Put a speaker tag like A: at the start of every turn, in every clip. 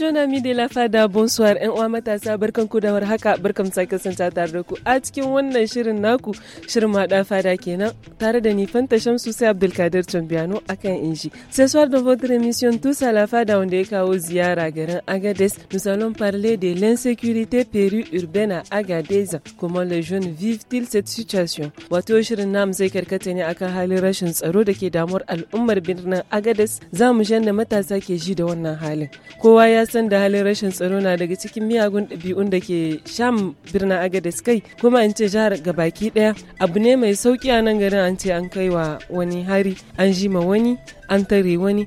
A: jona mi lafada bonsoir yan uwa matasa barkanku da warhaka barkan sake kasance tare da ku a cikin wannan shirin naku shirin ma fada kenan tare da ni Fanta Shamsu sai Abdulkadir Chambiano akan inji ce soir dans votre émission tous à la fada wanda ya kawo ziyara garin Agadez nous allons de l'insécurité urbaine à Agadez comment les jeunes vivent-ils cette situation wato shirin nam zai karkata ne akan halin rashin tsaro da ke damuwar al'ummar birnin Agadez za mu matasa ke ji da wannan halin kowa ya san da halin rashin tsaro na daga cikin miyagun ɗabi'un da ke sham birnin agadez kai kuma an ce jihar ga baki ɗaya abu ne mai sauki a nan garin an ce an kai wa wani hari an ji ma wani wani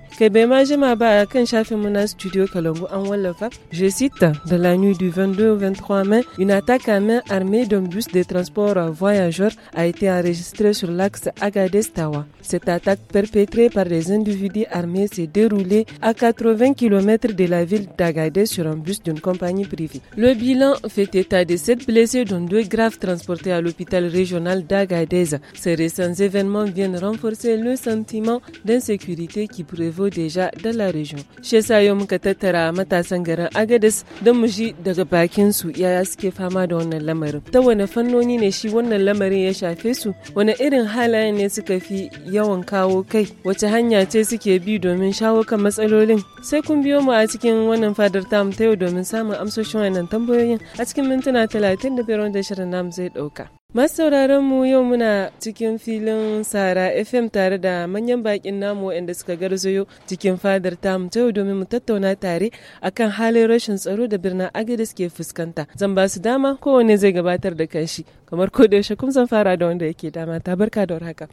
A: studio an je cite de la nuit du 22 au 23 mai une attaque à main armée d'un bus de transport voyageurs a été enregistrée sur l'axe Agadez-Tawa cette attaque perpétrée par des individus armés s'est déroulée à 80 km de la ville d'Agadez sur un bus d'une compagnie privée le bilan fait état de 7 blessés dont deux graves transportés à l'hôpital régional d'Agadez ces récents événements viennent renforcer le sentiment d'insécurité sécurité qui prévaut déjà dans la région. Shi yasa yau muka tattara matasan garin agadas don mu ji daga bakin su yaya suke fama da wannan lamarin. Ta wane fannoni ne shi wannan lamarin ya shafe su? Wane irin halaye ne suka fi yawan kawo kai? Wace hanya ce suke bi domin shawo kan matsalolin? Sai kun biyo mu a cikin wannan fadar tamu ta yau domin samun amsoshin wannan tambayoyin a cikin mintuna 35 wanda shirin namu zai ɗauka. Masauraran mu yau muna cikin filin Sara FM tare da manyan bakin namu waɗanda suka garzayo cikin fadar tamu ta domin mu tattauna tare akan halin rashin tsaro da birnin Agadez ke fuskanta. Zan ba su dama kowane zai gabatar da kanshi kamar ko da yaushe kuma zan fara da wanda yake dama ta barka da warhaka.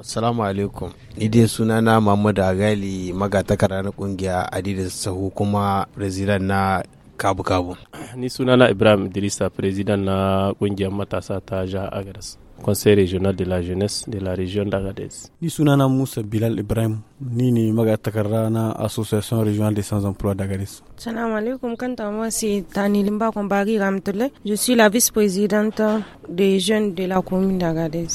B: Assalamu alaikum. Ni dai suna na muhammadu Agali magatakara na kungiya Adidas
C: Sahu kuma president na kabu-kabu. Ni sunana Ibrahim idrisa president na kungiyar matasa ta jihar Agadas. conseil régional de la jeunesse de la région d'Agadez.
D: Ni sunana Musa Bilal Ibrahim, ni ne magatakarda na Association régionale des sans-emploi d'Agadez.
E: Salam alaikum, kanta moi c'est Tani Limba Kombari Ramtole. Je suis la
A: vice-présidente des jeunes de la commune d'Agadez.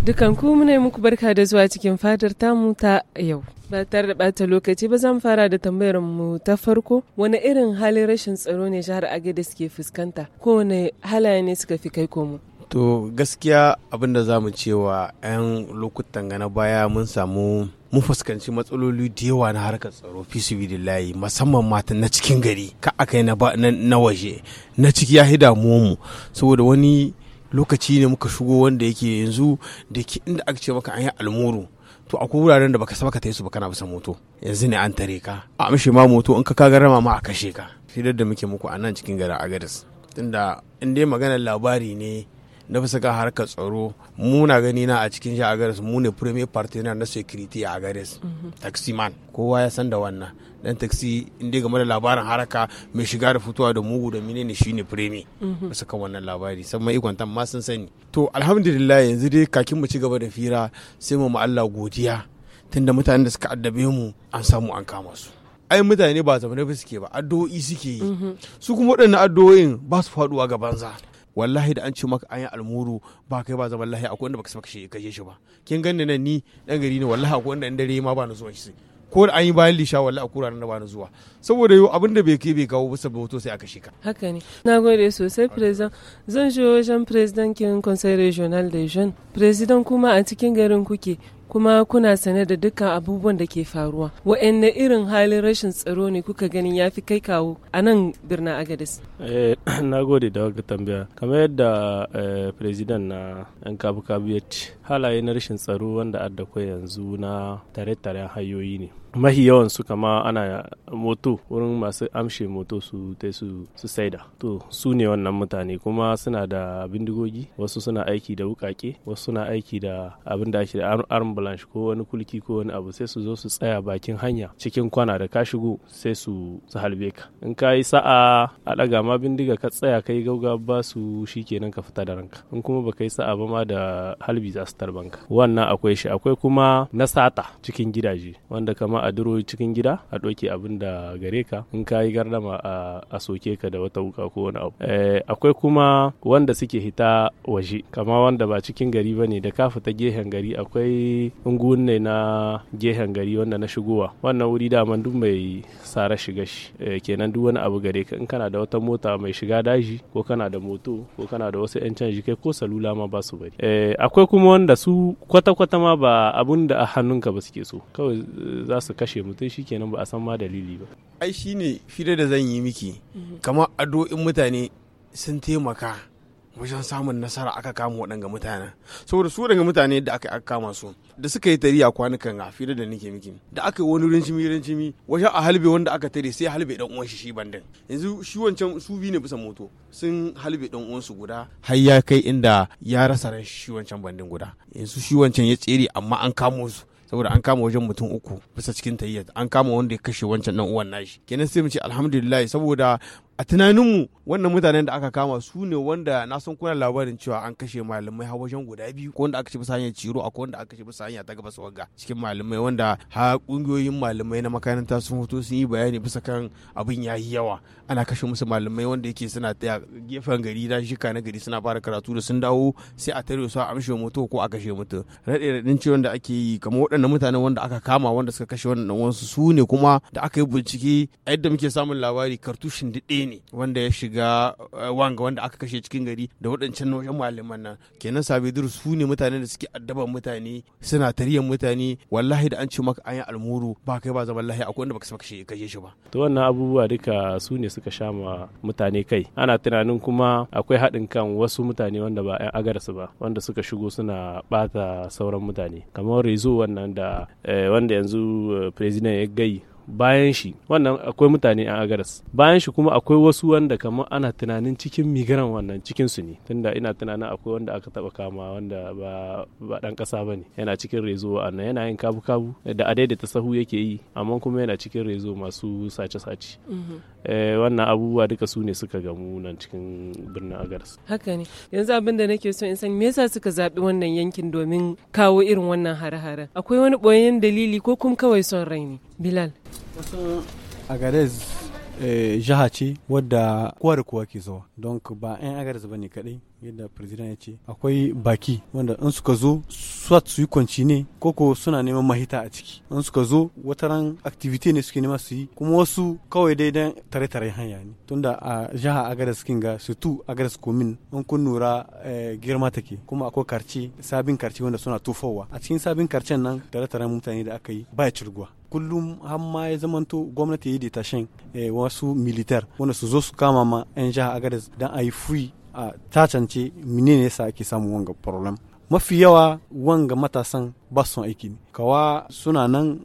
A: Dukan ku yi muku barka da zuwa cikin fadar tamu ta yau. Ba tare da bata lokaci ba zan fara da tambayar mu ta farko wani irin halin rashin tsaro ne jihar agada ke fuskanta ko wani halaye ne suka fi kai komo.
B: To gaskiya abin da za mu cewa 'yan lokutan gana baya mun samu mun fuskanci matsaloli da yawa na harkar tsaro fisibilillahi musamman matan na cikin gari ka aka yi na waje na ciki ya hida mu saboda wani lokaci ne muka shigo wanda yake yanzu da ke inda aka ce maka an yi almuru to akwai wuraren da baka saba ka su ba kana bisa moto yanzu ne an tare ka a amshe ma moto in ka ka rama ma a kashe ka fidar da muke muku a nan cikin gara agadas tunda in dai maganar labari ne na bisa ga harkar tsaro muna gani na a cikin a garis mu ne premier partner na security a mhm. taxi man kowa ya san da wannan dan taxi inda game da labarin haraka mai shiga da fitowa da mugu da menene shine premier mhm. bisa kan wannan labari san mai ikon ma sun sani to alhamdulillah yanzu dai kakin mu ci gaba da fira sai mu ma Allah godiya tunda mutanen da suka addabe mu an samu an kama su ai mutane ba zama ba suke ba addu'o'i suke yi mhm. su kuma waɗannan addu'o'in ba su faɗuwa ga banza wallahi da an ce maka an yi almuru ba kai ba zaman lahi akwai wanda baka saba shi kashe shi ba kin ganni nan ni dan gari ne wallahi akwai wanda in dare ma ba na zuwa shi ko da an yi bayan lisha wallahi akwai ranar ba na zuwa saboda yau abin da bai kai bai kawo bisa hoto sai aka shika
A: haka ne na gode sosai president zan je wajen president kin conseil regional de jeune president kuma a cikin garin kuke kuma kuna sane da dukkan abubuwan da ke faruwa wa'anne irin halin rashin tsaro ne kuka ganin ya fi kai kawo a nan birnin agadis
C: eh, na gode da waka tambaya kamar yadda eh, president na yan kabu kabu ya ce halaye na rashin tsaro wanda adda yanzu na tare-taren hayoyi ne mahi yawan su kama ana moto wurin masu amshe moto su ta su su saida to su ne wannan mutane kuma suna da bindigogi wasu suna aiki da wukake wasu suna aiki da abin da ake da blanche ko wani kulki ko wani abu sai su zo su tsaya bakin hanya cikin kwana da ka shigo sai su su halbe ka in ka yi sa'a a daga ma bindiga ka tsaya ka yi gauga ba su kenan ka fita da ranka in kuma baka yi sa'a ba ma da halbi za su tarbanka wannan akwai shi akwai kuma na sata cikin gidaje wanda kama kuma a duro cikin gida a ɗauke abin da gare ka in ka yi gardama a soke ka da wata wuka ko wani abu eh, akwai kuma wanda suke hita waje kama wanda ba cikin gari ba ne da ka fita gehen gari akwai ungun ne na gehen gari wanda na shigowa wannan wuri da duk mai sara shiga shi eh, kenan duk wani abu gare ka in kana da wata mota mai shiga daji ko kana da moto ko kana da wasu 'yan canji kai ko salula ma ba su bari eh, akwai kuma wanda su kwata-kwata ma ba abun da a hannunka ba suke so kawai za su kashe mutum shikenan ba a san ma dalili ba ai shine fira da zan yi miki kamar addu'o'in mutane sun taimaka
B: wajen samun nasara aka kama waɗanga mutanen saboda su daga mutane da aka kama su da suka yi tari a kwanukan a fira da nake miki da aka yi wani rincimi rincimi wajen a halbe wanda aka tare sai halbe dan uwan shi shi bandin yanzu shi wancan su biyu ne bisa moto sun halbe dan uwan su guda har ya kai inda ya rasa ran shi wancan bandin guda yanzu shi wancan ya tsere amma an kamo su saboda an kama wajen mutum uku bisa cikin tayyar an kama wanda ya kashe wancan dan uwan nashi kenan sai mu ce alhamdulillah saboda a tunaninmu wannan mutanen da aka kama su ne wanda na san kuna labarin cewa an kashe malamai har wajen guda biyu ko wanda aka ce bisa hanyar ciro akwai wanda aka ce bisa hanya ta gabas wagga cikin malamai wanda ha kungiyoyin malamai na makaranta sun fito sun yi bayani bisa kan abin ya yi yawa ana kashe musu malamai wanda yake suna ta gefen gari da shika na gari suna fara karatu da sun dawo sai a tare su a amshe moto ko a kashe mutu raɗe raɗin ce da ake yi kamar waɗannan mutanen wanda aka kama wanda suka kashe wannan wasu su ne kuma da aka yi bincike a yadda muke samun labari kartushin daɗe ne ne wanda ya shiga eh, wanga wanda aka kashe cikin gari da waɗancan wajen malaman nan kenan sabidur su ne mutane da suke addaban mutane suna tariyan mutane wallahi da an ce maka an yi almuru ba kai ba zaman lahi akwai wanda baka saba kashe shi ba
C: to wannan abubuwa duka su ne suka sha ma mutane kai ana tunanin kuma akwai haɗin kan wasu mutane wanda ba 'yan su ba wanda suka shigo suna bata sauran mutane kamar rezo wannan da eh, wanda yanzu eh, president ya gai bayan shi wannan akwai mutane a agaras bayan shi kuma akwai wasu wanda kamar ana tunanin cikin migiran wannan cikin su ne tunda ina tunanin akwai wanda aka taba kama wanda ba ba dan kasa bane yana cikin rezo wannan yana yin kabu kabu da adai da tasahu yake yi amma kuma yana cikin rezo masu sace sace mm-hmm. eh, wannan abubuwa duka su ne suka gamu nan cikin birnin agaras
A: haka ne yanzu abin da nake so in san me yasa suka zabi wannan yankin domin kawo irin wannan hare hara akwai wani boyen dalili ko kuma kawai son rai ne bilal Kusan
D: Agadez eh, jiha ce wadda kowa da kowa ke zuwa don ba 'yan agarza ba ne kadai yadda president ya ce akwai baki wanda in suka zo swat su yi kwanci ne koko suna neman mahita a ciki in suka zo wata ran activity ne suke nema su yi kuma wasu kawai dai dan tare tare hanya ne tunda a jiha agadas kin ga su tu agadas komin in kun nura eh, girma take kuma akwai karce sabin karce wanda suna tofowa a cikin sabin karcen nan tare tare mutane da aka yi ba ya cirguwa kullum har ma ya zamanto gwamnati ya da detashen eh, wasu militar wanda su zo su kama ma 'yan jihar agadez don a yi fui a tacance ne yasa ake samun wanga problem mafi yawa wanga matasan ba son aiki ne kawa suna nan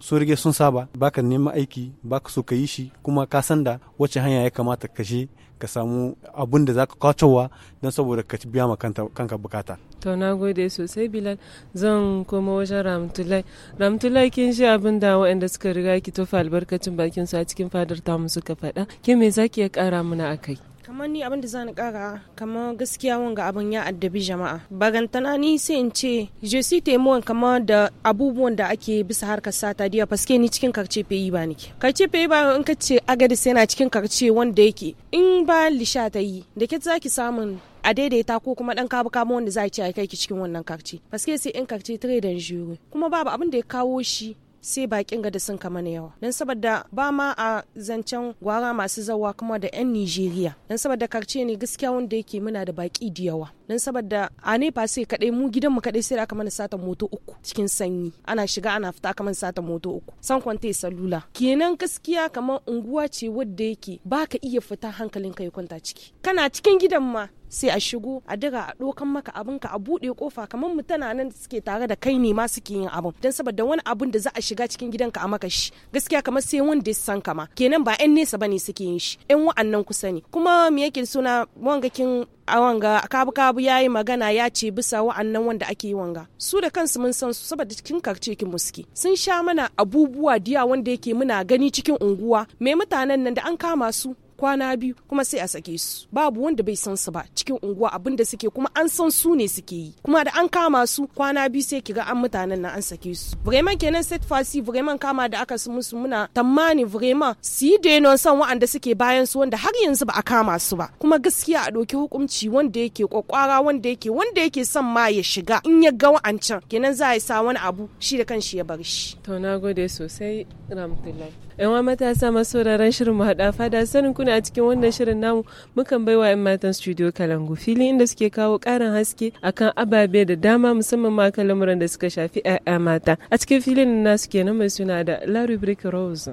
D: sun rige sun saba baka neman aiki baka so ka yi shi kuma ka san da wacce hanya ya kamata ka je ka samu abun da za ka kwacowa don saboda ka biya ma kanka bukata
A: to na gode sosai bilal zan koma wajen ramtulai ramtulai kin shi abin da waɗanda suka riga ki tofa albarkacin bakin su a cikin fadar ta mu suka faɗa ke me zaki ya ƙara mana akai
E: kamar ni abin da ni kara kamar gaskiya ga abin ya addabi jama'a bagantana ni sai in ce je si temuwan kamar da abubuwan da ake bisa harkar sata diya paske ni cikin karce peyi ba nake karce peyi ba in ka ce agadis yana cikin karce wanda yake in ba lisha ta yi da ke zaki samun a daidaita ko kuma dan kabu kamo wanda za a ce a kai ki cikin wannan karce paske sai in karce tare da jure kuma babu abin da ya kawo shi sai bakin gada sun kama na yawa don saboda ba ma a zancen gwara masu zawa kuma da 'yan nigeria don saboda karce ne gaskiya wanda yake muna da baki da yawa don saboda a ne sai kaɗai mu gidan mu kaɗai sai aka mana sata moto uku cikin sanyi ana shiga ana fita aka mana sata moto uku san kwanta ya salula kenan gaskiya kamar unguwa ce wadda yake baka iya fita hankalin ka ya kwanta ciki kana cikin gidan ma sai a shigo a daga a dokan maka ka a buɗe kofa kamar mu tana nan suke tare da kai ne ma suke yin abin don saboda wani abin da za a shiga cikin gidan ka a maka shi gaskiya kamar sai wanda ya san kama kenan ba yan nesa bane suke yin shi yan wa'annan kusa ne kuma me yake suna kin a wanga kabu-kabu ya yi magana ya ce bisa wa'annan wanda ake yi wanga su da kansu mun san su saboda cikin karce ki muski sun sha mana abubuwa diya wanda yake muna gani cikin unguwa me mutanen nan da an kama su kwana biyu kuma sai a sake su babu wanda bai san su ba cikin unguwa abin da suke kuma an san su ne suke yi kuma da an kama su kwana biyu sai kiga an mutanen nan an sake su vraiment kenan set fasi vraiment kama da aka su musu muna tamani vraiment su yi denon san wa'anda suke bayan su wanda har yanzu ba a kama su ba kuma gaskiya a ɗauki hukunci wanda yake kwakwara wanda yake wanda yake son ma ya shiga in ya ga wa'ancan kenan za a yi sa wani
A: abu shi da kanshi ya bar shi to na sosai ramtulai 'yan matasa masu wuraren shirin mu haɗa fada sanin kuna a cikin wannan shirin namu mukan baiwa 'yan matan studio kalangu filin inda suke kawo ƙarin haske akan ababe da dama musamman ma kan lamuran da suka shafi 'ya'ya mata a cikin filin na suke na mai suna da larry brick rose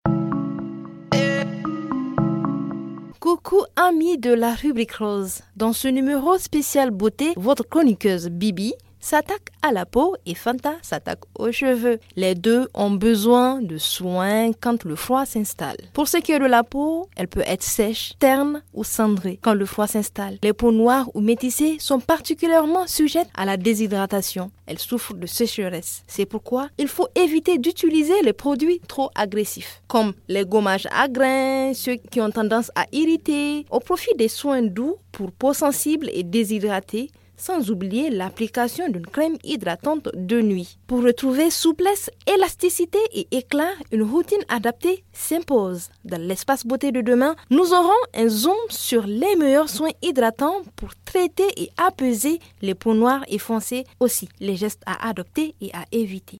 F: Beaucoup amis de la rubrique rose. Dans ce numéro spécial beauté, votre chroniqueuse Bibi s'attaque à la peau et Fanta s'attaque aux cheveux. Les deux ont besoin de soins quand le froid s'installe. Pour ce qui est de la peau, elle peut être sèche, terne ou cendrée quand le froid s'installe. Les peaux noires ou métissées sont particulièrement sujettes à la déshydratation. Elles souffrent de sécheresse. C'est pourquoi il faut éviter d'utiliser les produits trop agressifs, comme les gommages à grains, ceux qui ont tendance à irriter, au profit des soins doux pour peau sensibles et déshydratée sans oublier l'application d'une crème hydratante de nuit. Pour retrouver souplesse, élasticité et éclat, une routine adaptée s'impose. Dans l'espace beauté de demain, nous aurons un zoom sur les meilleurs soins hydratants pour traiter et apaiser les peaux noires et foncées aussi, les gestes à adopter et à éviter.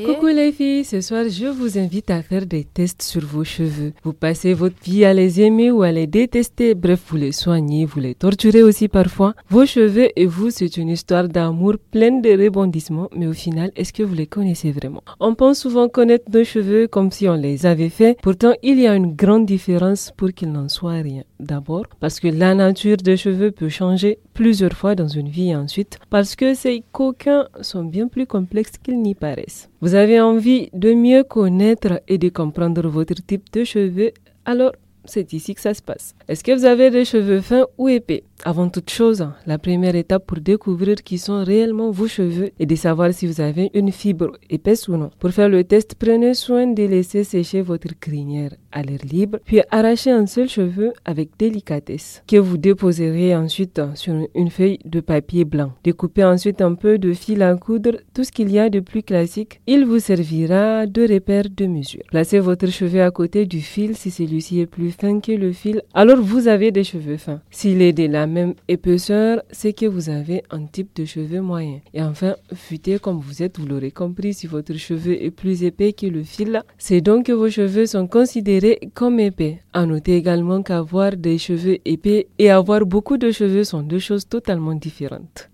F: Coucou
A: les filles, ce soir je vous invite à faire des tests sur vos cheveux. Vous passez votre vie à les aimer ou à les détester, bref, vous les soignez, vous les torturez aussi parfois. Vos cheveux et vous, c'est une histoire d'amour pleine de rebondissements, mais au final, est-ce que vous les connaissez vraiment On pense souvent connaître nos cheveux comme si on les avait faits, pourtant il y a une grande différence pour qu'il n'en soit rien. D'abord, parce que la nature des cheveux peut changer plusieurs fois dans une vie ensuite, parce que ces coquins sont bien plus complexes qu'ils n'y paraissent. Vous avez envie de mieux connaître et de comprendre votre type de cheveux, alors c'est ici que ça se passe. Est-ce que vous avez des cheveux fins ou épais Avant toute chose, la première étape pour découvrir qui sont réellement vos cheveux est de savoir si vous avez une fibre épaisse ou non. Pour faire le test, prenez soin de laisser sécher votre crinière à l'air libre, puis arrachez un seul cheveu avec délicatesse, que vous déposerez ensuite sur une feuille de papier blanc. Découpez ensuite un peu de fil à coudre, tout ce qu'il y a de plus classique. Il vous servira de repère de mesure. Placez votre cheveu à côté du fil si celui-ci est plus fin que le fil. Alors vous avez des cheveux fins. S'il est de la même épaisseur, c'est que vous avez un type de cheveux moyen. Et enfin, futé comme vous êtes, vous l'aurez compris, si votre cheveu est plus épais que le fil, c'est donc que vos cheveux sont considérés comme épais. À noter également qu'avoir des cheveux épais et avoir beaucoup de cheveux sont deux choses totalement différentes.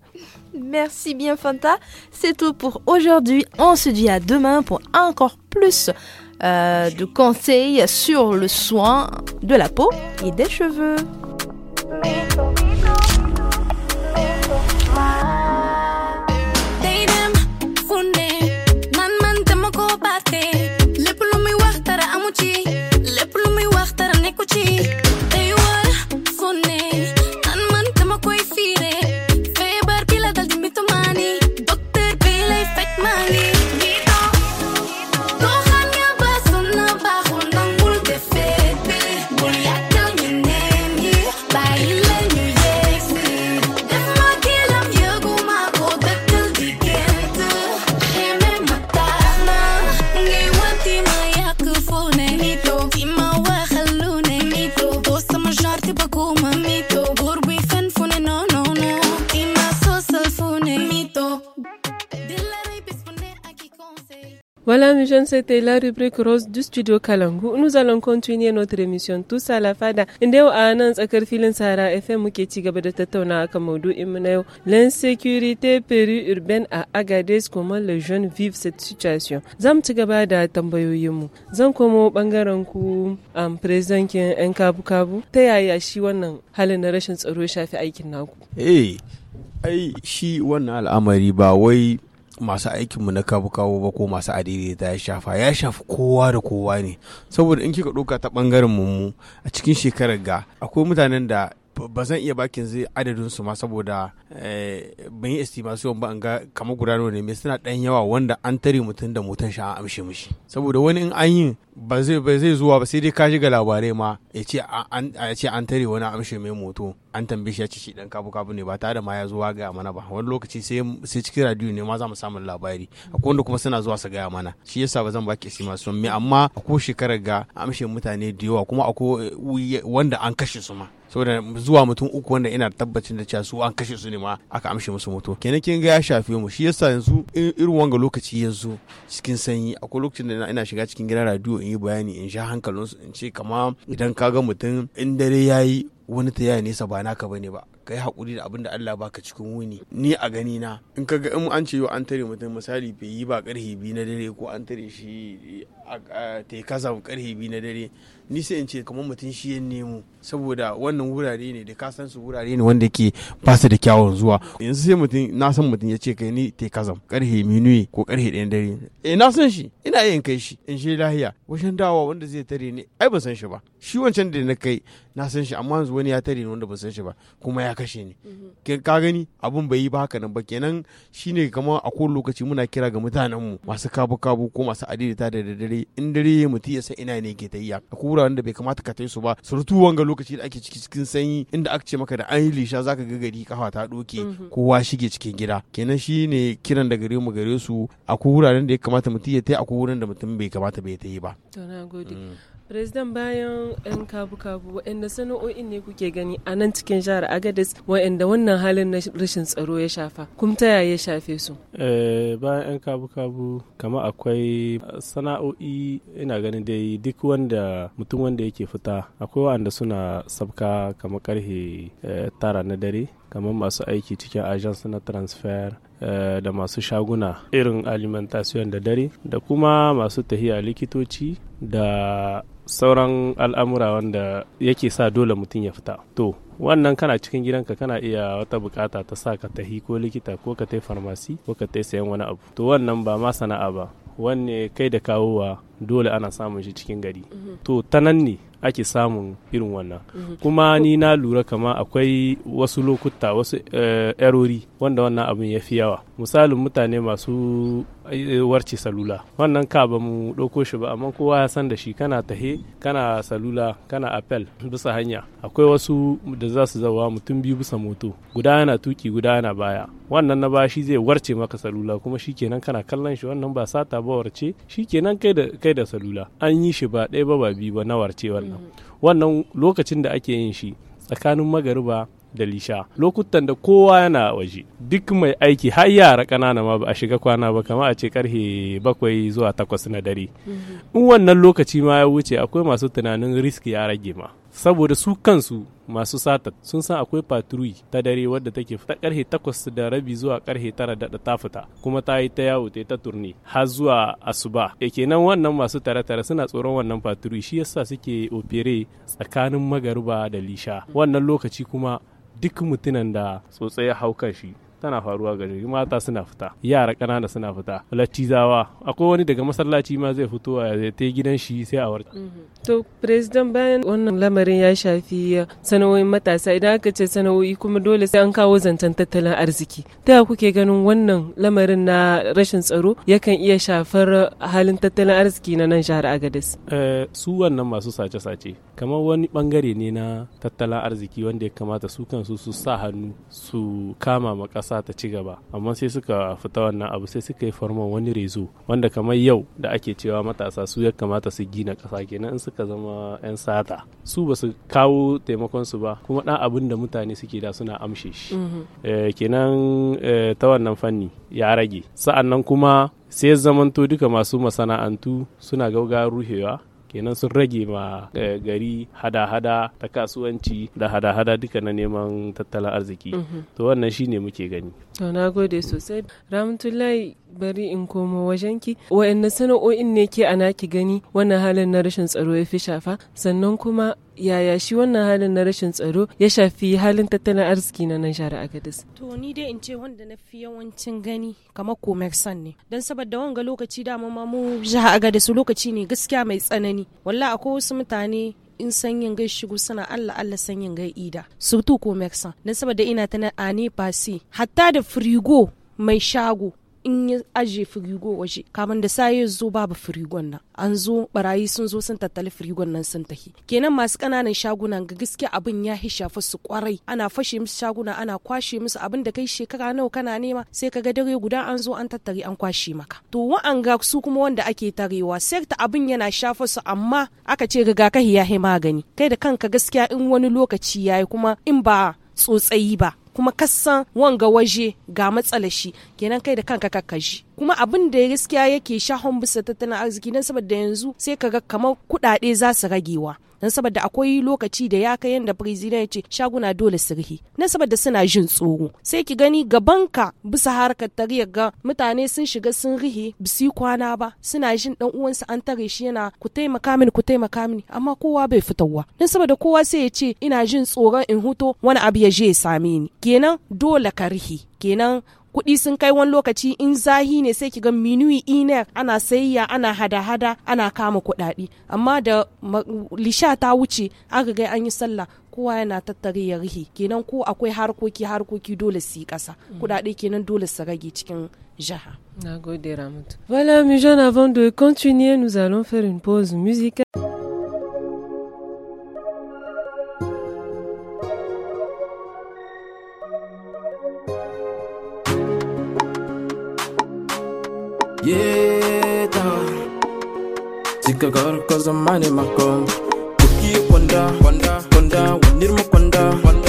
F: Merci bien Fanta, c'est tout pour aujourd'hui. On se dit à demain pour encore plus euh, de conseils sur le soin de la peau et des cheveux.
A: mes jeunes, c'était la rubrique rose du studio Kalangu. Nous allons continuer notre émission tous à la fada. Inda yau a nan tsakar filin Sahara FM muke ci gaba da tattauna akan maudu'in mu na yau. L'insécurité périurbaine à Agadez comment les jeunes vivent cette situation. Zam ci gaba da tambayoyin mu. Zan komo bangaren ku am president kin yan kabu kabu. Ta yaya shi wannan halin na rashin tsaro ya shafi aikin naku?
B: Eh, ai shi wannan al'amari ba wai masu aikinmu na kabu kawo ba ko masu da ya shafa ya shafi kowa da kowa ne saboda in kika ɗauka ta ɓangaren mu a cikin shekarar ga akwai mutanen da ba zan iya bakin zai adadin su ma saboda eh, ban yi estimation ba an ga kamar gudanar ne mai suna ɗan yawa wanda an tare mutum da motan shi an amshe mishi saboda wani in an yi ba zai ba zai zuwa ba sai dai ka ga labarai ma ya ce an ce an tare wani amshe mai moto an tambaye shi ya ce shi dan kabu kabu ne ba tare da ma ya zuwa ga mana ba wani lokaci sai sai cikin radio ne ma za mu samu labari akwai wanda kuma suna zuwa su gaya mana shi yasa ba zan ba ke sima me amma akwai shekarar ga amshe mutane da yawa kuma akwai wanda an kashe su ma saboda zuwa mutum uku wanda ina tabbacin da cewa su an kashe su ne ma aka amshe musu moto kenan kin ga ya shafe mu shi yasa yanzu irin wanga lokaci yanzu cikin sanyi akwai lokacin da ina shiga cikin gidan radio yi bayani in sha hankalinsu in ce kama idan ka ga mutum in dare ya yi wani ta yaya nesa ba naka bane ba ka yi haƙuri da abin da Allah baka cikin wuni ni a gani na in ka ga in an ce yau an tare mutum misali bai yi ba karhe biyu na dare ko an tare shi a ta kasa karhe biyu na dare ni sai in ce kamar mutum shi ya nemo saboda wannan wurare ne da ka san su wurare ne wanda ke ba su da kyawun zuwa yanzu sai mutum na san mutum ya ce kai ni te kazam karhe minuye ko karhe ɗayan dare eh na san shi ina yin kai shi in shi lahiya wajen dawa wanda zai tare ni ai ban san shi ba shi wancan da na kai na san shi amma yanzu wani ya tare ni wanda ban san shi ba kuma ya kashe ni mhm. ka gani abun bai yi ba haka nan ba kenan shine kamar a kowane lokaci muna kira ga mutanen mu masu kabu kabu ko masu adidita da dare in dare mutu ya san ina ne ke ta iya a wuraren da bai kamata ka su ba surutu wanga lokaci da ake ciki cikin sanyi inda aka ce maka da an yi lisha zaka ga gari kafa ta doke mhm. kowa shige cikin gida kenan shine kiran da gare mu gare su a wuraren da ya kamata mutu ya ta a wurin da mutum bai kamata bai ta yi ba
A: mm. President bayan 'yan kabu-kabu waɗanda sana'o'in ne kuke gani a nan cikin jihar Agadez waɗanda wannan halin na rashin tsaro ya shafa. Kuma ta yaya ya shafe su?
C: Eh, bayan 'yan kabu-kabu kama akwai sana'o'i ina ganin dai duk wanda mutum wanda yake fita akwai waɗanda suna sabka kamar karhe eh, tara na dare kamar masu aiki cikin agence na transfer eh, da masu shaguna irin alimentation da dare da kuma masu tahiya likitoci da sauran al'amura wanda yake sa dole mutum ya fita to wannan kana cikin gidanka kana iya wata bukata ta sa ka tahi ko likita ko ka tai farmasi ko ka tai sayan wani abu to wannan ba ma sana'a ba wanne kai da kawowa dole ana samun shi cikin gari mhm. to ta nan ne ake samun irin wannan mhm. kuma ni na lura kama akwai wasu lokuta wasu eh, erori wanda wannan abin ya fi yawa misalin mutane masu eh, warce salula wannan ka ba mu ɗauko shi ba amma kowa ya san da shi kana tahe kana salula kana apel bisa hanya akwai wasu da za su zawa mutum biyu bisa moto guda yana tuki guda yana baya wannan na baya shi zai warce maka salula kuma shikenan kana kallon shi wannan ba sata ba warce shikenan kai da kai da salula an yi shi ba ɗaya ba ba biyu ba na warce wannan wannan lokacin da ake yin shi tsakanin magariba da lisha lokutan da kowa yana waje duk mai aiki har yara ƙanana ma ba a shiga kwana ba kama a ce karhe bakwai zuwa takwas na dare mm-hmm. in wannan lokaci ma ya wuce akwai masu tunanin risk ya rage ma saboda su kansu masu sata sun san akwai patrui ta dare wadda take ta karhe takwas da rabi zuwa karhe tara da ta fita kuma ta yi ta yawo ta ta turne har zuwa asuba da kenan wannan masu tare tare suna tsoron wannan patrui shi yasa suke opere tsakanin magaruba da lisha wannan lokaci kuma duk mutunan da tsotsai ya hauka shi tana faruwa gari mata suna fita yara ƙanana suna fita latizawa akwai wani daga masallaci ma zai fito a zai ta gidan shi sai a warta mhm.
A: to president bayan wannan lamarin ya shafi sana'o'in matasa idan aka ce sana'o'i kuma dole sai an kawo zancen tattalin arziki ta kuke ganin wannan lamarin na rashin tsaro yakan iya
C: shafar halin tattalin arziki na nan jihar Agadis. Eh, su wannan masu sace-sace kamar wani bangare ne na tattalin arziki wanda ya kamata su kansu su sa hannu su kama ma sa ta ci gaba amma sai suka fita wannan abu sai suka yi farman wani rezo wanda kamar yau da ake cewa matasa su ya kamata su gina kasa kenan in suka zama 'yan sata su ba su kawo taimakon su ba kuma ɗan abin da mutane suke da suna amshe shi mm-hmm. eh, kenan eh, ta wannan fanni ya rage sa'annan kuma sai zamanto duka masu masana'antu suna gauga ruhewa kenan sun rage ma eh, gari hada-hada ta kasuwanci da hada-hada duka na neman tattalin arziki mhm. to wannan shine muke gani
A: to na gode sosai ramtulai bari in komo wajenki wa'anne sana'o'in ne ke ana ki gani wannan halin na rashin tsaro ya fi shafa sannan kuma yaya shi wannan halin na rashin tsaro ya shafi halin tattalin arziki na nan a gadis.
E: to ni dai in ce wanda na fi yawancin gani
A: kamar komersan ne
E: don saboda wanga lokaci dama ma mu a Gadis lokaci ne gaskiya mai tsanani walla akwai wasu mutane in sanyin gai shigo suna Allah Allah sanyin gai ida surtu ko mexan don saboda ina ta na ane fasi hatta da firigo mai shago in yi ajiye firigo waje kamar da saye zo babu firigon nan an zo barayi sun zo sun tattali firigon nan sun tafi kenan masu kananan shaguna ga gaskiya abin ya hi shafa su kwarai ana fashe musu shaguna ana kwashe musu abin da kai shekara nawa kana nema sai kaga dare guda an zo an tattari an kwashe maka to ga su kuma wanda ake tarewa sai ta abin yana shafa su amma aka ce kahi ya magani kai da kanka gaskiya in wani lokaci yayi kuma in ba tsotsayi ba kuma kasan wanga waje ga matsalashi kenan kai da kanka kakkaji kuma abin da gaskiya yake shahon bisa tattalin arziki don saboda yanzu sai kaga kamar kudade za su ragewa don saboda akwai lokaci da ya kai yanda president ya ce shaguna dole su rihi na saboda suna jin tsoro sai ki gani gaban gabanka bisa harkar tariya ga mutane sun shiga sun rihi bisi kwana ba suna jin dan uwansu an tare shi yana ku taimaka mini ku taimaka mini amma kowa bai fitowa don saboda kowa sai ya ce ina jin tsoron in huto wani abu ya je ya same ni kenan dole ka rihi kenan kuɗi sun kai wani lokaci in zahi ne sai ki ga minuwi inar ana sayayya ana hada-hada ana kama kuɗaɗe amma da lisha ta wuce aka ga an yi sallah kowa yana tattare ya rihi kenan ko akwai harkoki harkoki dole su yi ƙasa mm. kuɗaɗe kenan dole su rage cikin jiha.
A: Voilà, mes jeunes, avant de continuer, nous allons faire une pause musicale.
G: yeah. Chica girl, cause I'm money, my girl. Wonder, wonder, wonder,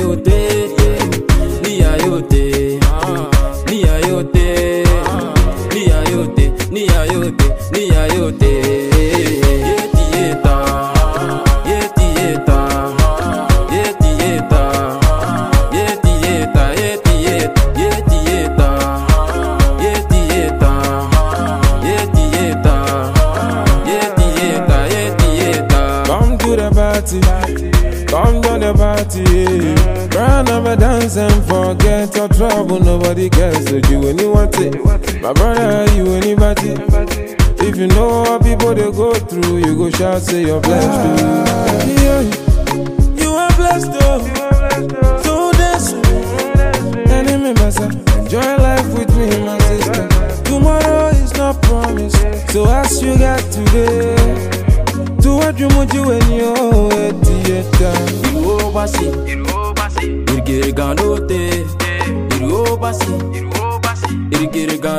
G: yote ni ya yote ni yote ni yote ni yote ni ya yote trouble, nobody cares. So you any want it? My brother, you anybody? If you know what people they go through, you go shout, say you're blessed. Too. Oh. Yeah, you are blessed though. So dance enemy Enjoy life with me, my sister. Tomorrow is not promised, so as you got today. To what you want you when you're at the end. You oversee. You oversee. You get ganote. iro basi irigirga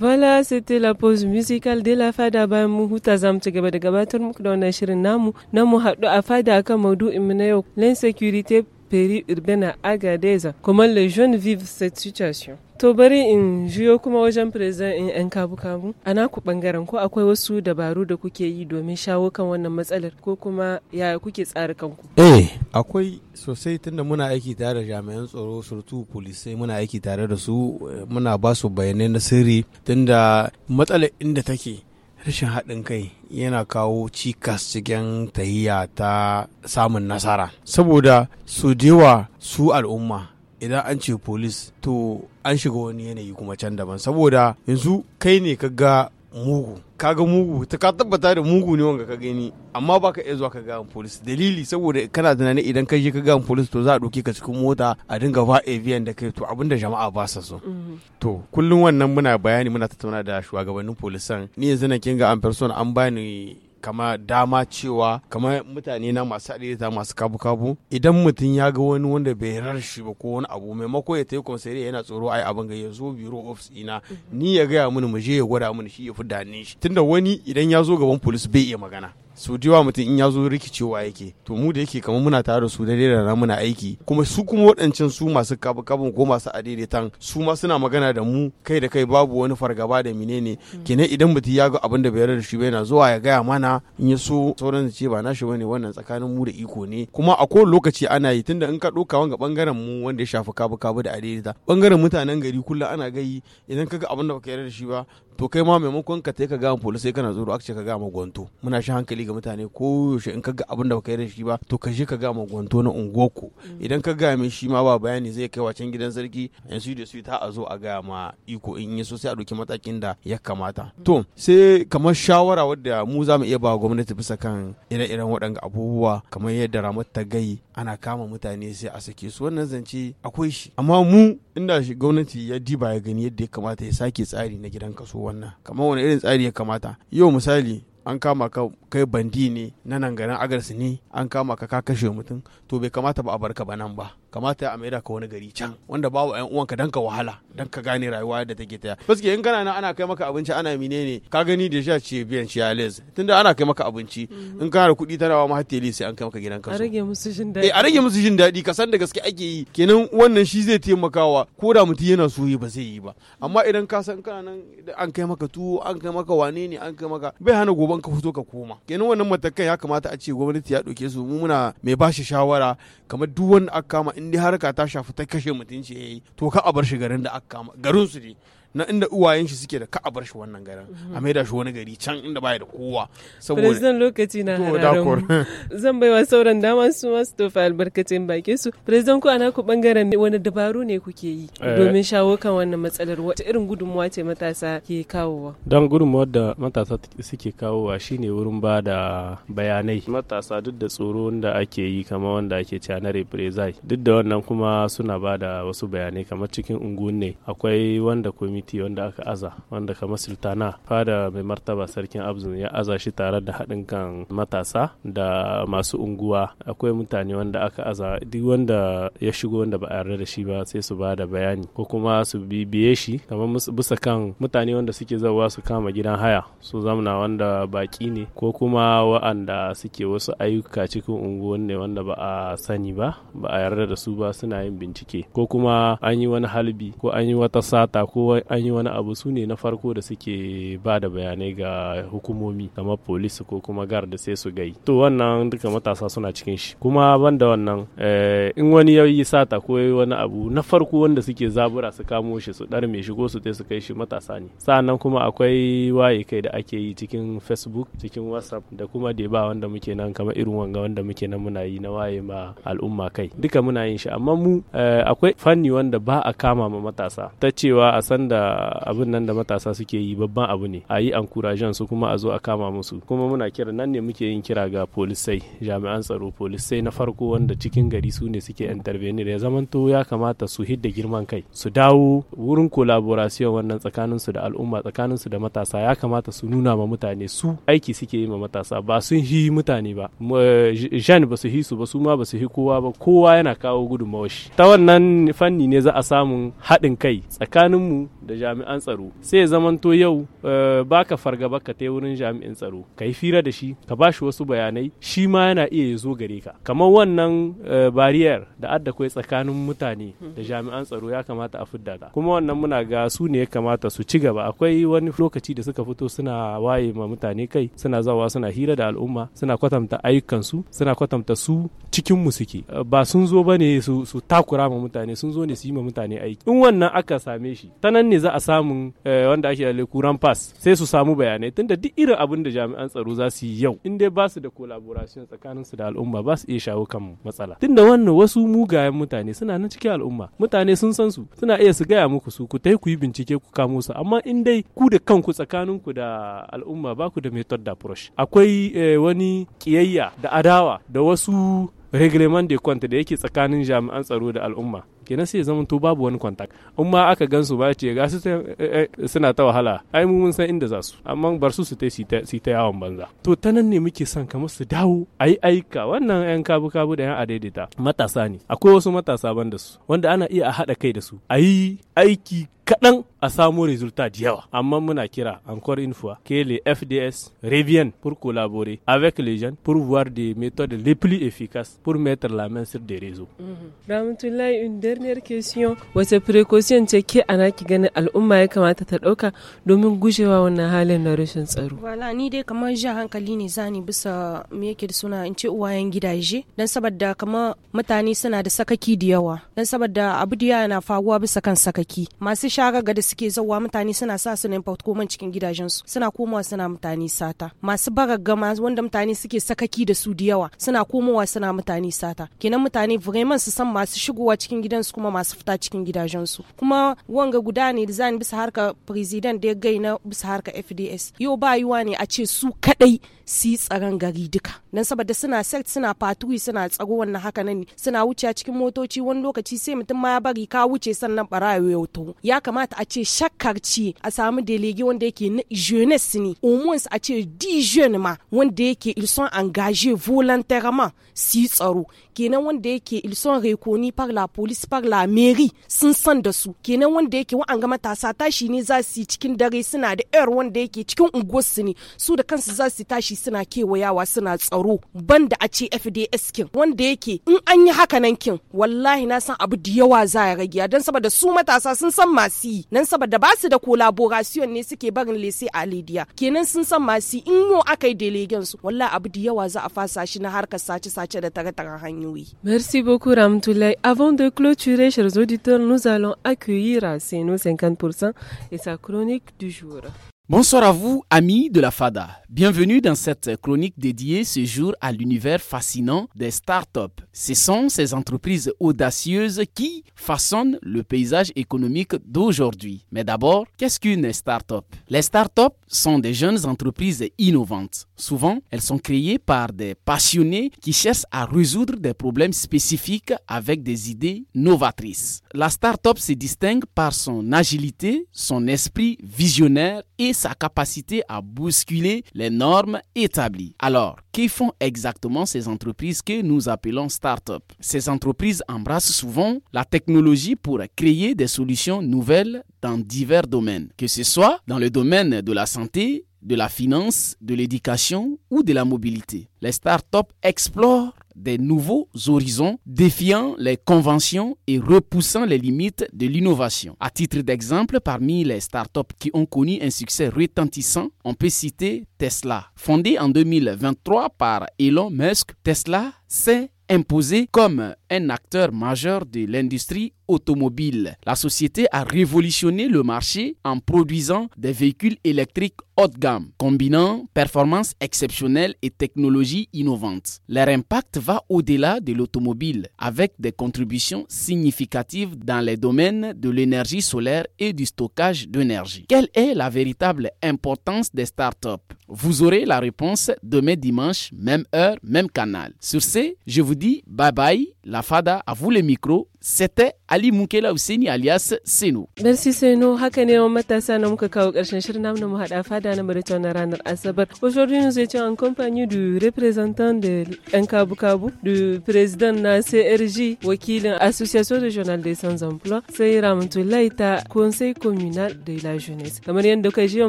A: Voilà, c'était la pause musicale de la fada bayan mu huta za ci gaba da gabatar muku da wannan shirin namu na mu haɗu a fada kan maudu'in mu na yau l'insécurité peri-urbaine Agadeza, comment les jeunes vivent cette situation. To bari in jiyo kuma wajen firizan in 'yan kabu-kabu, a ku bangaren ko akwai wasu dabaru da kuke yi domin shawo kan wannan matsalar ko kuma ya kuke tsara kanku?
B: Eh, akwai sosai tunda muna aiki tare da jami'an tsaro surtu polisai muna aiki tare da su muna ba su bayanai na sirri tunda matsalar inda take rashin haɗin kai yana kawo cikas cikin tahiya ta samun nasara saboda su jewa su al'umma idan an ce polis to an shiga wani yanayi kuma can daban saboda yanzu kai ne ka ga mugu kaga mugu ta ka tabbata da mugu ne wanga ka gani amma baka iya zuwa ka ga polis dalili saboda kana tunanin idan ka je ka ga polis to za a doke ka cikin mota a dinga ba avian da kai to abinda jama'a ba sa so mm-hmm. to kullum wannan muna bayani muna tattauna da shugabannin polisan ni yanzu na kinga an person an bani kama dama cewa kama mutane na masu adaidaita masu kabu-kabu idan mutum ya ga wani wanda bai rar shi ba ko wani abu maimako ya yi komisariya yana tsoro ai abin ga ya zo biro ofis ina mm-hmm. ni ya gaya mini mu je ya gwada mini shi ya fi dani shi tunda wani idan ya zo gaban polis bai iya magana su mutum in ya zo rikicewa yake to mu da yake kamar muna tare da su da muna aiki kuma su kuma waɗancan su masu kabu kabu ko masu adaidaitan su ma suna magana da mu kai da kai babu wani fargaba da menene mm. kenan idan mutum ya ga abin da bai yarda da shi ba yana zuwa ya gaya mana in ya so sauran ce ba nashi bane wannan tsakanin mu da iko ne kuma a kowane lokaci ana yi tunda in ka ɗauka wanga bangaren mu wanda ya shafi kabu kabu da adaidaita bangaren mutanen gari kullum ana gayi idan ka ga abin da baka yarda da shi ba to kai ma maimakon ka ka ga polis sai kana tsoro ce ka ga ma gwanto muna shi hankali ga mutane ko yaushe in ka ga abin da baka yi da shi ba to ka je ka ga ma gwanto na unguwarku mm. idan ka ga mai shi ma ba bayani zai kai wacan gidan sarki yan su da su ta a zo a ga ma iko in yi so sai a ɗauki matakin da ya kamata mm. to sai kamar shawara wadda mu za mu iya ba gwamnati bisa kan ire-iren waɗanga abubuwa kamar yadda ramar ta gai ana kama mutane sai a sake su wannan zance akwai shi amma mu inda gwamnati ya diba ya gani yadda ya kamata ya sake tsari na gidan kaso wannan kamar wani irin tsari ya kamata yau misali an kama ka kai bandi ne na nan garin agarsu ne an kama ka ka kashe mutum to bai kamata ba a barka ba nan ba kamata a maida ka wani gari can wanda babu ƴan uwanka dan ka wahala dan ka gane rayuwa da take ta gaskiya in kana nan ana kai maka abinci ana menene ka gani da sha ce biyan shi ales tunda ana kai maka abinci mhm. in kana da kuɗi tana wa hatteli sai an kai maka gidan ka a
A: rage musu jin daɗi eh, a rage
B: musu jin daɗi ka san da gaske ake yi kenan wannan shi zai taimakawa ko da mutum yana so yi ba zai yi ba amma idan ka san kana nan an kai maka tuwo an kai maka wane ne an kai maka bai hana goban ka fito ka koma kenan wannan matakan ya kamata a ce gwamnati ya ɗauke su mu muna mai bashi shawara kamar duk wanda aka kama in dai harka ta shafi ta kashe mutunci yayi to ka a bar shi garin da aka kama garin su ne na inda uwayen shi suke da ka a bar shi wannan garin a mhm. maida shi wani gari can inda baya da kowa saboda president lokaci na hararun
A: zan baiwa sauran dama su masu tofa albarkacin bakin su president ku ana ku bangaren wani dabaru ne kuke yi eh. domin shawo kan wannan matsalar wata irin gudunmuwa ce matasa ke kawowa
C: don gudunmuwar da matasa suke kawowa shine wurin ba da bayanai matasa duk da tsoro da ake yi kamar wanda ake cewa na reprisal duk da wannan kuma suna ba da wasu bayanai kamar cikin unguwan ne akwai wanda komi kwamiti wanda aka aza wanda kamar sultana fada mai martaba sarkin abzun ya aza shi tare da haɗin kan matasa da masu unguwa akwai mutane wanda aka aza duk wanda ya shigo wanda ba a yarda da shi ba sai su ba da bayani ko kuma su bibiye shi kamar bisa kan mutane wanda suke zawa su kama gidan haya su zamna wanda baki ne ko kuma wa'anda suke wasu ayyuka cikin unguwan ne wanda ba a sani ba ba a yarda da su ba suna yin bincike ko kuma an yi wani halbi ko an yi wata sata ko an yi wani abu su ne na farko da suke ba da bayanai ga hukumomi kamar polisi ko kuma gar da sai su gai to wannan duka matasa suna cikin shi kuma ban da wannan eh, in wani ya yi sata ko wani abu na farko wanda suke zabura su kamo shi su ɗarme shi ko su tai su kai shi matasa ne sa'annan kuma akwai waye kai da ake yi cikin facebook cikin whatsapp da kuma ba wanda muke nan kamar irin wanga wanda muke nan muna yi na waye ma al'umma kai duka muna yin shi amma mu eh, akwai fanni wanda ba a kama ma matasa ta cewa a sanda da abin nan da matasa suke yi babban abu ne a yi ankurajen su kuma a zo a kama musu kuma muna kira nan ne muke yin kira ga polisai jami'an tsaro polisai na farko wanda cikin gari su ne suke intervenir ya zamanto ya kamata su hidda girman kai su dawo wurin collaboration wannan tsakanin su da al'umma tsakanin su da matasa ya kamata su nuna ma mutane su aiki suke yi ma matasa ba sun hi mutane ba eh, jan ba su hi su ba su ma ba su hi kowa ba kowa yana kawo gudunmawa shi ta wannan fanni ne za a samun haɗin kai tsakanin tsakaninmu da jami'an tsaro sai ya zamanto yau eh, baka fargaba ka tai wurin jami'in tsaro ka yi fira da shi ka ba shi wasu bayanai shi ma yana iya ya zo gare ka kamar wannan eh, bariyar da adda kai tsakanin mutane da jami'an tsaro ya kamata a fidda ka kuma wannan muna ga su ne ya kamata su ci gaba akwai wani lokaci da suka fito suna waye ma mutane kai suna zawa suna hira da al'umma suna kwatanta ayyukan su suna kwatanta su cikin mu suke eh, ba sun zo bane su takura ma mutane sun zo ne su yi ma mutane aiki in wannan aka same shi ta za a samun eh, wanda ake da kuran pass sai su samu bayanai tunda duk irin abin da jami'an tsaro za su yi yau in dai ba su da collaboration tsakanin su da al'umma ba su iya shawo kan matsala tunda wannan wasu mugayen mutane suna nan cikin al'umma mutane sun san su suna iya su gaya muku su ku tai ku yi bincike ku kamo su amma in dai ku da kanku tsakanin ku da al'umma ba ku da method da approach akwai eh, wani kiyayya da adawa da wasu reglement de compte da yake tsakanin jami'an tsaro da al'umma kenan sai zama to babu wani contact in ma aka gansu ba ce ga su eh, eh, suna ta wahala ai mu mun san inda za su amma bar su su ta su ta yawon banza to ta nan ne muke son kamar su dawo ayi aika wannan yan kabu kabu da yan adaidaita matasa ne akwai wasu matasa banda su wanda ana iya a haɗa kai da su ayi aiki kaɗan a samu resultat yawa amma muna kira encore une fois que FDS revient pour collaborer avec les jeunes pour voir des méthodes les plus efficaces pour mettre la main sur des réseaux. Mm
A: -hmm. une dernière question wace precaution ce ke ana ki ganin al'umma ya kamata ta dauka domin gujewa wannan halin na rashin tsaro
E: wala ni dai kamar ja hankali ne zani bisa me yake da suna in ce uwayen gidaje dan saboda kamar mutane suna da sakaki da yawa dan saboda abu da yana faruwa bisa kan sakaki masu shagaga da suke zauwa mutane suna sa su ne koman cikin gidajen su suna komawa suna mutane sata masu baragama wanda mutane suke sakaki da su da yawa suna komawa suna mutane sata kenan mutane vraiment su san masu shigowa cikin gidan gidajensu kuma masu fita cikin gidajensu kuma wanga guda ne da zani bisa harka president da ya gai na bisa harka fds yau ba yiwa ne a ce su kadai si yi tsaron gari duka don saboda suna sect suna patrui suna tsaro wannan haka nan suna wuce cikin motoci wani lokaci sai mutum ma ya bari ka wuce sannan barayo ya wuto ya kamata a ce shakkar ci a samu delege wanda yake na jeunesse ne omons a ce di jeune ma wanda yake ils sont engagés volontairement su yi tsaro kenan wanda yake ils sont reconnus par la police par la mairie sun san da su kenan wanda yake wa'anga matasa tashi ne za su cikin dare suna da yar wanda yake cikin unguwarsu ne su da kansu za su tashi suna kewayawa suna tsaro banda a ce FDS kin wanda yake in an yi haka nan kin wallahi na san abu da yawa za ya rage dan saboda su matasa sun san masu yi nan saboda ba su da collaboration ne suke barin lese a lidiya kenan sun san masu in mu aka yi delegen su wallahi abu da yawa za a fasa shi na harkar sace-sace da tare hanyoyi.
A: Merci beaucoup Ramtoulay. Avant de clôturer chers auditeurs, nous allons accueillir à CNO 50% et sa chronique du jour.
H: Bonsoir à vous, amis de la FADA. Bienvenue dans cette chronique dédiée ce jour à l'univers fascinant des startups. Ce sont ces entreprises audacieuses qui façonnent le paysage économique d'aujourd'hui. Mais d'abord, qu'est-ce qu'une startup Les startups sont des jeunes entreprises innovantes. Souvent, elles sont créées par des passionnés qui cherchent à résoudre des problèmes spécifiques avec des idées novatrices. La startup se distingue par son agilité, son esprit visionnaire et sa capacité à bousculer les normes établies. Alors, que font exactement ces entreprises que nous appelons start-up Ces entreprises embrassent souvent la technologie pour créer des solutions nouvelles dans divers domaines, que ce soit dans le domaine de la santé, de la finance, de l'éducation ou de la mobilité. Les start-up explorent des nouveaux horizons, défiant les conventions et repoussant les limites de l'innovation. À titre d'exemple, parmi les startups qui ont connu un succès retentissant, on peut citer Tesla. Fondée en 2023 par Elon Musk, Tesla s'est imposée comme un acteur majeur de l'industrie automobile. La société a révolutionné le marché en produisant des véhicules électriques haut de gamme, combinant performance exceptionnelle et technologies innovantes Leur impact va au-delà de l'automobile, avec des contributions significatives dans les domaines de l'énergie solaire et du stockage d'énergie. Quelle est la véritable importance des startups Vous aurez la réponse demain dimanche, même heure, même canal. Sur ce, je vous dis bye bye la FADA à vous les micros C'était Ali Munkela Hussein alias Seno.
A: Merci Seno, haka ne matasa na muka kawo ƙarshen shirin namu mu hada fada na Mauritania na ranar Asabar. Aujourd'hui nous étions en compagnie du représentant de Enkabu Kabu, du président na CRJ, wakilin Association régionale des sans emploi, sai Ramatoulaye ta Conseil communal de la jeunesse. Kamar yadda kai jiya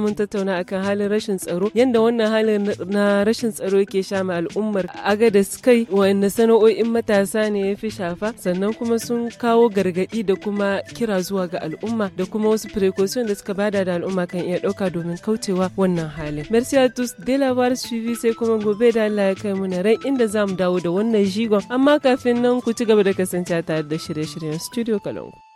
A: mun tattauna akan halin rashin tsaro, yadda wannan halin na rashin tsaro ke shama al'ummar agada kai, wa'anne sana'o'in matasa ne ya fi shafa, sannan kuma sun sun kawo gargaɗi da kuma kira zuwa ga al'umma da kuma wasu precaution da suka bada da al'umma kan iya ɗauka domin kaucewa wannan halin. Merci à tous de l'avoir suivi sai kuma gobe da Allah ya kai mu na rai inda za mu dawo da wannan jigon amma kafin nan ku ci gaba da kasance tare da shirye-shiryen studio Kalangu.